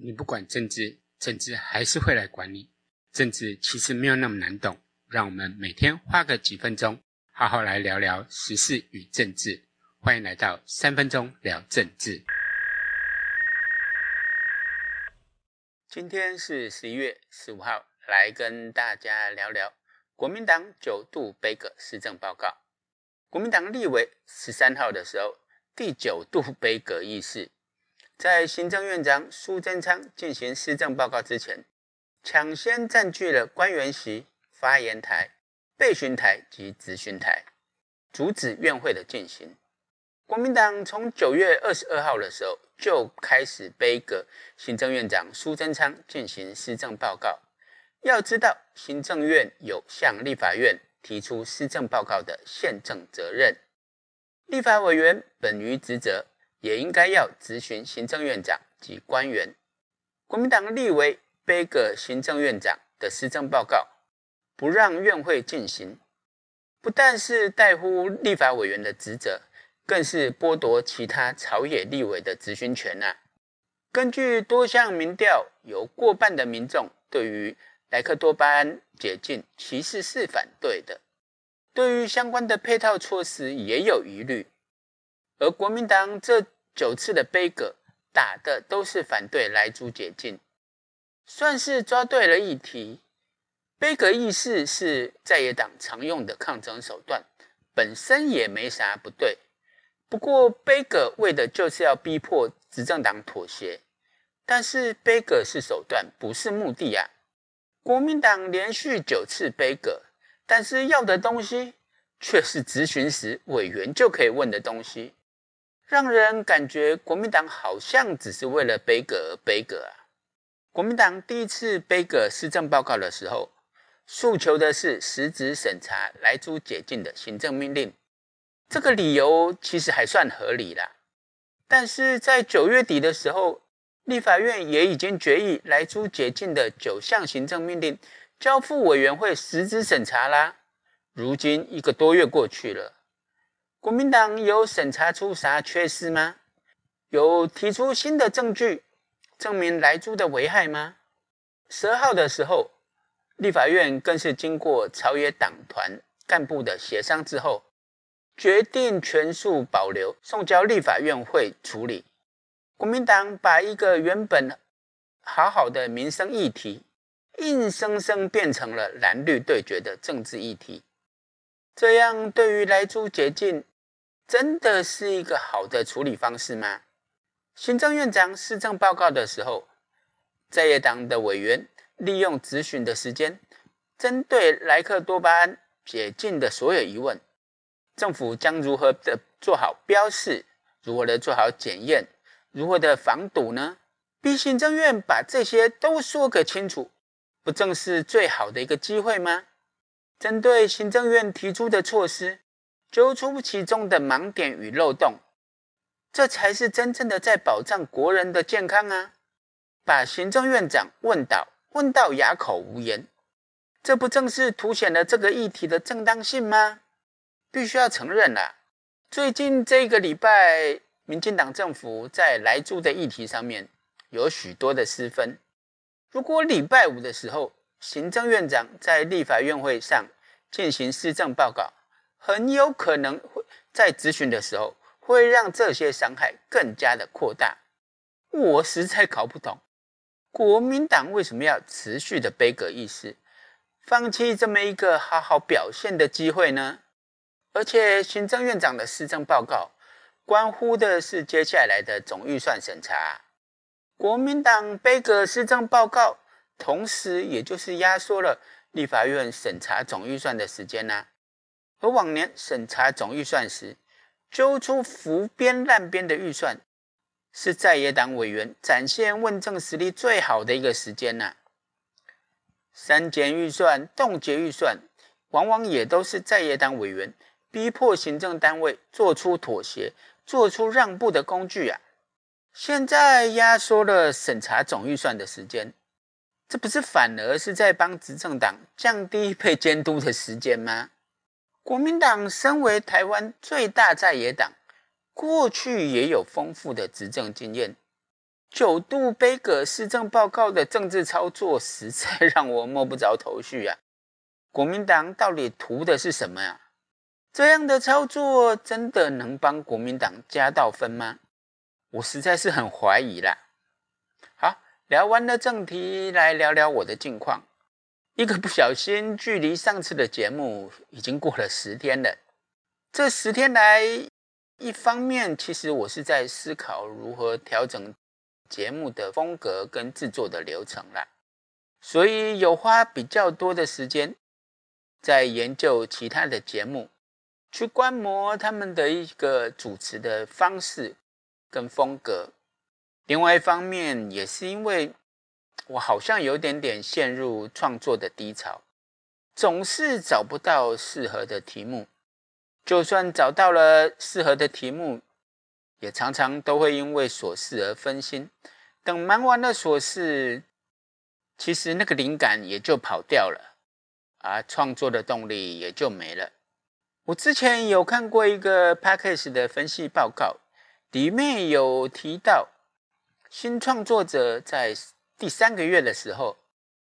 你不管政治，政治還是會來管你。政治其實沒有那麼難懂，讓我們每天花個幾分鐘，好好來聊聊時事與政治。歡迎來到三分鐘聊政治。今天是十一月十五號，來跟大家聊聊國民黨九度杯葛施政報告。國民黨立委十三號的時候，第九度杯葛議事。在行政院長蘇貞昌進行施政報告之前，搶先占據了官員席、發言台、備詢台及質詢台，阻止院會的進行。國民黨從九月二十二號的時候就開始杯葛行政院長蘇貞昌進行施政報告。要知道，行政院有向立法院提出施政報告的憲政責任，立法委員本於職責。也應該要質詢行政院長及官員。國民黨立委杯葛行政院長的施政報告，不讓院會進行，不但是怠忽立法委員的職責，更是剝奪其他朝野立委的質詢權吶、啊。根據多項民調，有過半的民眾對於萊克多巴胺解禁其實是反對的，對於相關的配套措施也有疑慮。而國民黨這九次的杯葛，打的都是反對萊豬解禁，算是抓對了議題。杯葛議事是在野黨常用的抗爭手段，本身也沒啥不對。不過杯葛為的就是要逼迫執政黨妥協，但是杯葛是手段，不是目的啊。國民黨連續九次杯葛，但是要的東西卻是質詢時委員就可以問的東西。讓人感覺國民黨好像只是為了杯葛而杯葛啊！國民黨第一次杯葛施政報告的時候，訴求的是實質審查萊豬解禁的行政命令，這個理由其實還算合理啦。但是在九月底的時候，立法院也已經決議萊豬解禁的九項行政命令交付委員會實質審查啦。如今一個多月過去了。國民黨有審查出啥缺失嗎？有提出新的證據證明萊豬的危害嗎？十號的時候，立法院更是經過朝野黨團幹部的協商之後，決定全數保留，送交立法院會處理。國民黨把一個原本好好的民生議題，硬生生變成了藍綠對決的政治議題。這樣對於萊豬解禁，真的是一個好的處理方式嗎？行政院長施政報告的時候，在野黨的委員利用質詢的時間，針對萊克多巴胺解禁的所有疑問，政府將如何的做好標示？如何的做好檢驗？如何的防堵呢？逼行政院把這些都說個清楚，不正是最好的一個機會嗎？針對行政院提出的措施。揪出其中的盲點與漏洞，這才是真正的在保障國人的健康啊！把行政院長問倒，問到啞口無言，這不正是凸顯了這個議題的正當性嗎？必須要承認啦、啊，最近這個禮拜，民進黨政府在萊豬的議題上面有許多的失分。如果禮拜五的時候，行政院長在立法院會上進行施政報告。很有可能會在質詢的時候會讓這些傷害更加的擴大。我實在搞不懂國民黨為什麼要持續的杯葛議事，放棄這麼一個好好表現的機會呢？而且行政院長的施政報告，關乎的是接下來的總預算審查啊。國民黨杯葛施政報告，同時也就是壓縮了立法院審查總預算的時間呢啊。和往年審查總預算時，揪出浮編濫編的預算，是在野黨委員展現問政實力最好的一個時間吶、啊。刪減預算、凍結預算，往往也都是在野黨委員逼迫行政單位做出妥協、做出讓步的工具啊。現在壓縮了審查總預算的時間，這不是反而是在幫執政黨降低被監督的時間嗎？國民黨身為台灣最大在野黨，過去也有豐富的執政經驗。九度杯葛施政報告的政治操作，實在讓我摸不着頭緒呀、啊。國民黨到底圖的是什麼呀、啊？這樣的操作真的能幫國民黨加到分嗎？我實在是很懷疑啦。好，聊完了正題，來聊聊我的近況。一個不小心，距離上次的節目已經過了十天了。這十天來，一方面其實我是在思考如何調整節目的風格跟制作的流程了，所以有花比較多的時間在研究其他的節目，去觀摩他們的一個主持的方式跟風格。另外一方面，也是因為。我好像有點點陷入創作的低潮，總是找不到適合的題目。就算找到了適合的題目，也常常都會因為瑣事而分心。等忙完了瑣事，其實那個靈感也就跑掉了，啊，創作的動力也就沒了。我之前有看過一個 Podcast 的分析報告，裡面有提到新創作者在。第三個月的時候，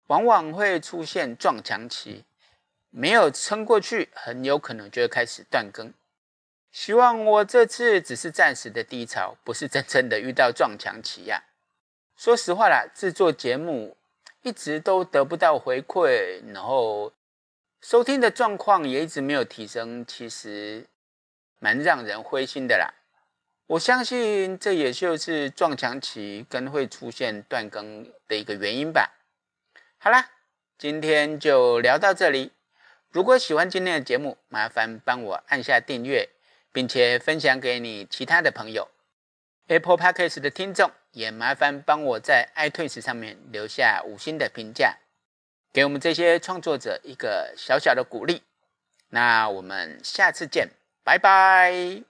往往會出現撞牆期，沒有撐過去，很有可能就會開始斷更。希望我這次只是暫時的低潮，不是真正的遇到撞牆期呀、啊。說實話啦，制作節目一直都得不到回饋，然後收聽的狀況也一直沒有提升，其實蠻讓人灰心的啦。我相信這也就是撞牆期跟會出現斷更的一個原因吧。好啦，今天就聊到這裡。如果喜歡今天的節目，麻煩幫我按下訂閱，並且分享給你其他的朋友。Apple Podcasts 的聽眾也麻煩幫我在 iTunes 上面留下五星的評價，給我們這些創作者一個小小的鼓勵。那我們下次見，拜拜。